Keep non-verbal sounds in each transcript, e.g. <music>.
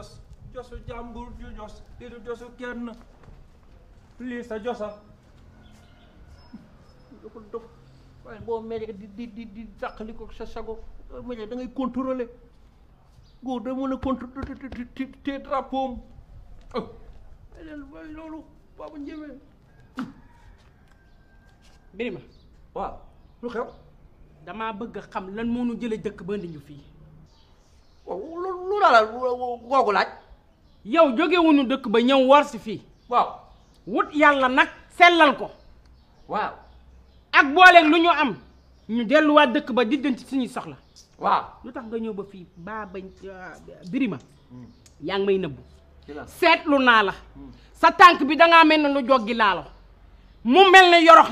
jos josu jàmbur ju jos li du josu kenn lii sa josa dokul dog waaye boo meree di di di di dàqali ko sa sago meree da góor da mën a contrôler te drapeau am leen oh. waaye loolu baabu njëmee Birima waaw lu xew damaa bëgg a xam lan moo nu jële dëkk ba indi ñu fii waaw lu la woo ko laaj. yow jógewuñu dëkk ba ñëw war si fii. waaw wut yàlla nag sellal ko. waaw. ak booleeg lu ñu am ñu delluwaat dëkk ba di ci suñuy soxla. waaw lu tax nga ñëw ba fii baa bañ birima yaa ngi may nëbbu. seetlu naa la. sa tànk bi dangaa mel ne lu joggi laalo mu mel ne yorox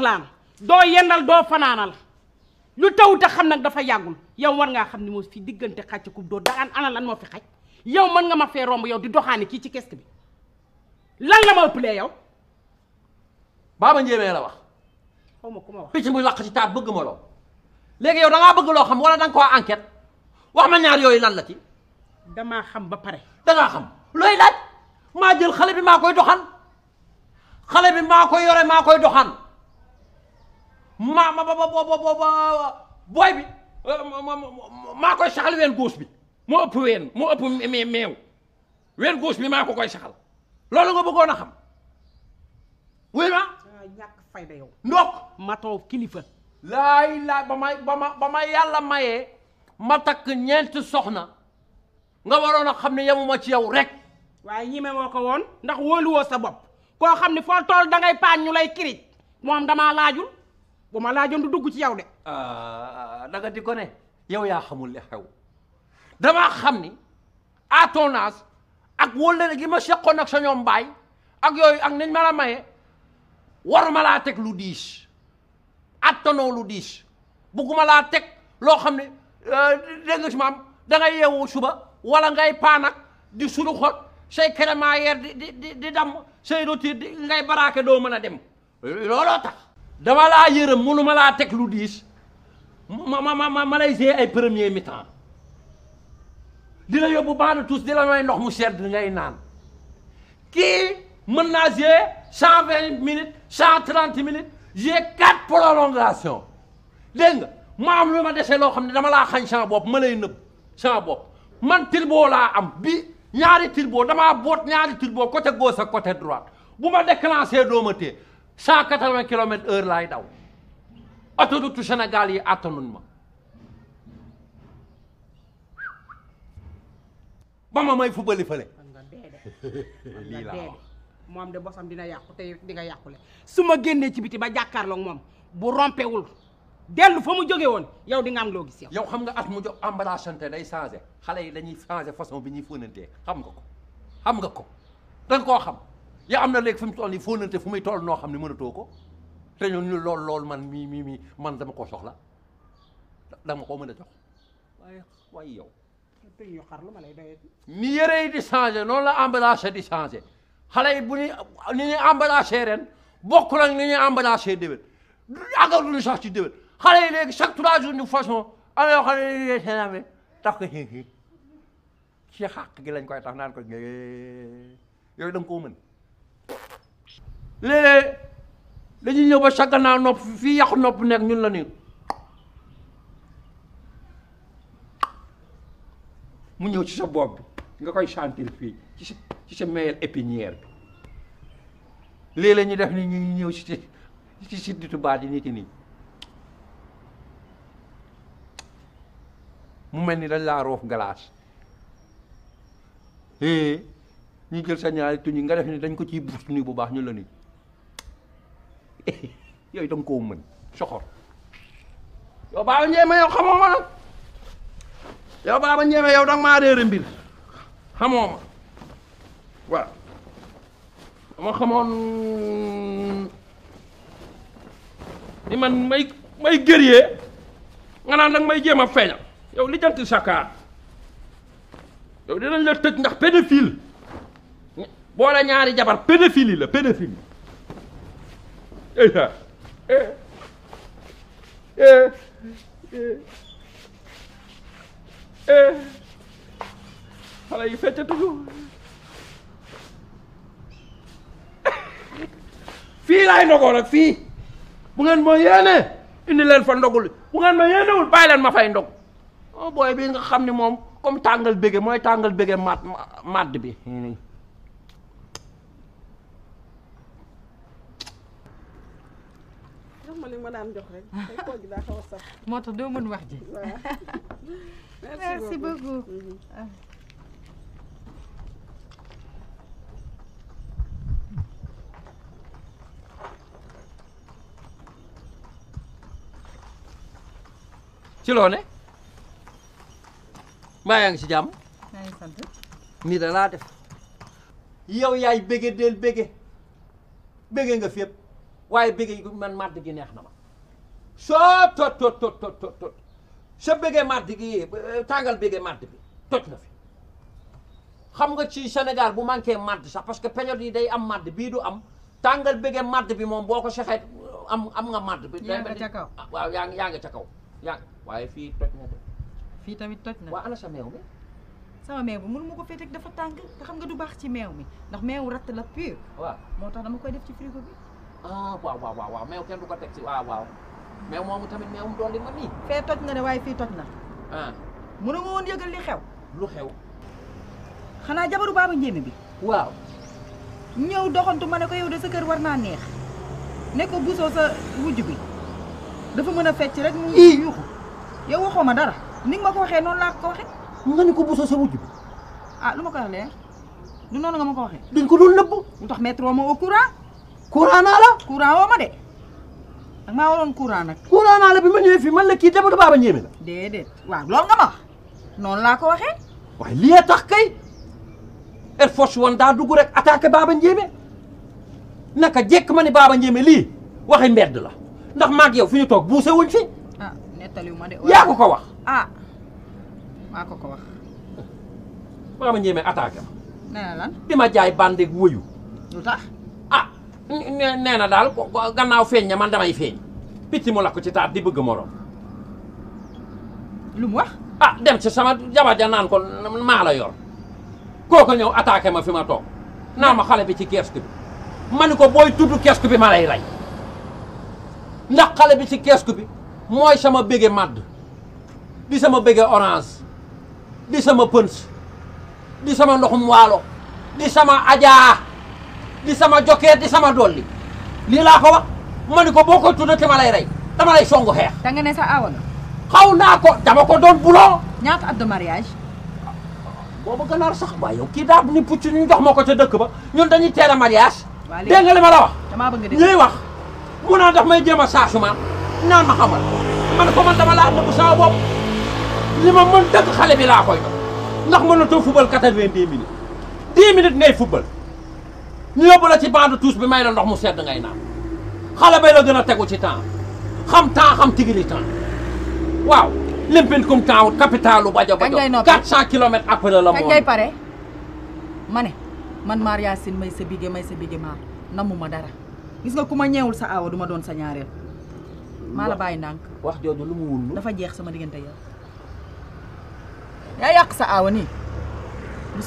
doo yendal doo fanaanal. lu tawut a xam nag dafa yàggul yow war ngaa xam ni moo fi diggante xàcc kub doo daan ana lan moo fi xaj yow mën nga ma fee romb yow di doxaani kii ci kest bi lan la ma ëppalee yow. baaba njéemee wax. xaw ma ku ma wax picc muy laq ci taat bëgg ma loo. léegi yow da bëgg loo xam wala da nga koo wax ma ñaar yooyu lan la ci. damaa xam ba pare. dangaa xam looy laaj maa jël xale bi maa koy doxaan xale bi maa koy yore maa koy doxaan. maa ma ba ba ba booy bi maa koy saxal ween góos bi moo ëpp ween moo ëpp meew ween góos bi maa ko koy saxal loolu nga bëggoon a xam wuy ma ñàkk fayda yow ndokk matoo kilifa laay laay ba may ba ma ba ma yàlla mayee ma takk ñeent soxna nga waroon a xam ne yemuma ci yow rek waaye ñime woo ko woon ndax wóoluwoo sa bopp koo xam ne foo tool da ngay lay kirij moom damaa laajul bu ma laajoon du dugg ci yow de. Ah, ah, daga di ko ne yow yaa xamul li xew damaa xam ni à ton âge ak wóllare gi ma seqoon ak sa ñoom mbaay ak yooyu ak nañ ma la maye waruma laa teg lu diis attanoo lu diis bugguma laa teg loo xam ne euh, dégg nga si maam suba wala ngay paanak di sunu xol say crémaillère di di di damm say rotir di ngay baraake doo mën a dem looloo tax. dama laa yërëm mënuma laa teg lu diis ma ma ma ma lay see ay premier mi-temps di la yóbbu baax na tous di la may ndox mu sedd ngay naan kii mën naa jouer cent vingt minutes cent trente minutes jouer quatre prolongation dégg nga ma am lu ma dese loo xam ne dama laa xañ sama bopp ma lay nëb sama bopp man turbo laa am bi ñaari turbo damaa boot ñaari turbo côté gauche ak côté droite bu ma déclenché doo ma téye cent quatre-vingts kilomètres heure laay daw autoroute Sénégal yi àttanun ma ba ma may fubali fële lii laa moom de bosam dina yàqu te di nga yàqule su ma génnee ci biti ba jàkkaarloog moom bu rompewul dellu foo mu jóge woon yow di nga am loo gis yow. yow xam nga at mu jox embrassanté day changé xale yi lañuy changé façon bi ñuy fóonantee xam nga ko xam nga ko danga koo xam yaa am na léegi fi mu toll nii fóonante fu muy tool noo xam ne mënatoo ko te ñun ñu lool lool man mii mii mi man dama koo soxla dama koo mën a jox waaye yow. ñu xar lu ma lay doyee. ni yére yi di changé noonu la emballage di changé xale yi bu ñuy ni ñuy emballagé ren bokkul ak ni ñuy emballagé déwén àggatuñu sax ci déwén xale yi léegi chaque trois jours de façon am yoo xam ne dañuy seen amee taf ko ci xàq gi lañ koy tax naan ko yooyu da nga koo mën. léeg-léeg dañuy ñëw ba sagganaa nopp fii yaxu nopp nekk ñun la nii mu ñëw ci sa bopp bi nga koy sentir fii ci sa ci sa moelle épinière bi léeg-léeg def ni ñu ñëw ci ci sidditu baat yi nit yi nii mu mel ni dañ laa roof glace ñu jël sa ñaari tuñ nga def ni dañ ko ciy buus nii bu baax ñu la ni <laughs> yooyu danga koo mën soxor yow baaba ñeeme yow xamoo ma nag yow baaba ñeeme yow danga maa réere mbir ma waaw dama ni man may may nga naan danga may jéem a feeñal yow li jant sakaar yow dinañ la tëj ndax pédophile boole ñaari jabar pédophilie la pédophilie eh, eh, eh, xale yi feccatuñu fii laay ndogoo fii bu ngeen ma yéene indi leen fa ndogul bu ngeen ma yéenewul bàyyi leen ma fay ndog oh booy bii nga xam ni moom comme tàngal bége mooy tàngal bége mat màdd bi li ma daan jox rek. moo tax doo mën wax ji. Mhm. ci loo ne maa yaa ngi si jàmm. maa ngi laa def. yow yaay bége del bége bége nga fépp. waaye bëggee man màdd gi neex na ma soo tot tot tot tot tot sa bëggee màdd gi tàngal bëggee màdd bi toj na fi xam nga ci Sénégal bu manqué màdd sax parce que période yi day am màdd bii du am tàngal bëggee màdd bi moom boo ko sexee am am nga màdd bi yaa nga ca kaw ah, waaw yaa ngi nga ca kaw yaa waaye fii toj na fii tamit toj na waaw ana sa meew mi sama meew bi mënuma ko fee teg dafa tàng te xam nga du baax ci meew mi ndax meew ratt la pur waaw moo tax dama koy def ci frigo ah waaw waaw waaw meew kenn du ko teg si waaw waaw meew moomu tamit meewum doon li ma nii. fee toj na ne waaye fii toj na. ah mënu ma woon yëgal li xew. lu xew. xanaa jabaru baaba njéeme bi. waaw. ñëw doxantu ma ne ko yow de sa kër war naa neex ne ko busoo sa wujj bi dafa mën a fecc rek mu yuuxu yow waxoo ma dara ni nga ko waxee noonu laa ko waxee. nga ne ko busoo sa wujj bi. ah lu ma ko waxee du noonu nga ma ko waxee. dañ ko doon nëbb. lu tax mettre ma au courant naa la. courant ma de da maa la bi la kii dama baaba njéeme la. déedéet waaw loolu nga ma wax laa ko waxee. waaye lii tax kay Air Force One daa dugg rek attaqué baaba njéeme naka jekk ma ne baaba njéeme lii waxi mbedd la ndax maag yow fi ñu toog buuse wuñ fi. Ah, yaa ko ko wax ah, baaba njéeme attaqué ma. nee ma jaay bande ak nee na daal gannaaw feeñ na man damay feeñ picc mu lakk ci taat di bëgg morom. lu wax. ah dem ci sama jabar ja naan ko maa la yor kooku ñëw attaqué ma fi ma toog naa ma xale bi ci kiosque bi ma ni ko booy tudd kiosque bi ma lay rey ndax xale bi ci kiosque bi mooy sama bége màdd di sama bége orange di sama pëns di sama ndoxum waalo di sama ajaa di sama jokkeer di sama dolli lii laa wax ma ni ko boo ko tuddee ma lay rey dama lay songu xeex. da nga ne sa awa xaw naa ko dama ko doon buloo. ñaata at de mariage. boobu ganaar sax waaye yow kii daa ni puccu ñu jox ma ko ca dëkk ba ñun dañuy teel a mariage. waaw ma la wax. damaa bëgg wax mu a daf may jéem a saasuma naan ma xamal man ko man dama laa nëbb sama li ma mën dëkk xale bi laa koy doon ndax mënatoo fubal quatre-vingt-dix minutes dix minutes ngay ñu yóbbu la ci bande tous bi may la ndox mu sedd ngay naan xale bay la gën a tegu ci temps xam temps xam tigiri temps waaw limpin kum temps wut capitalu bajo bajo 400 kilomètres après la moom ngay pare ma ne man maar Yaasin may sa bige may sa bige maar ma dara gis nga ku ma ñeewul sa aawa duma doon sa ñaareel maa la bàyyi ndànk wax jooju lu mu wul dafa jeex sama diggante yow sa aawa nii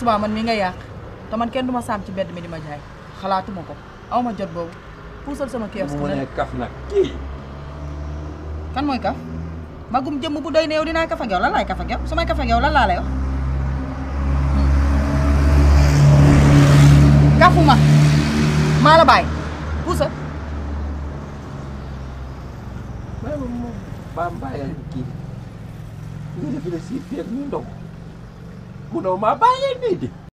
man mi nga yàq te man kenn duma saam ci mbedd ma jaay xalaatuma ko aw ma jot boobu puusal sama kiosque. mu ne kaf nag kii. kan mooy kaf magum jëmm bu doy ne yow dinaa kaf ak lan laay kaf ak yow su may kaf ak yow lan laa lay wax. Hmm. kafuma maa la bàyyi puusal. baam bàyyi kii ñu def la nii de.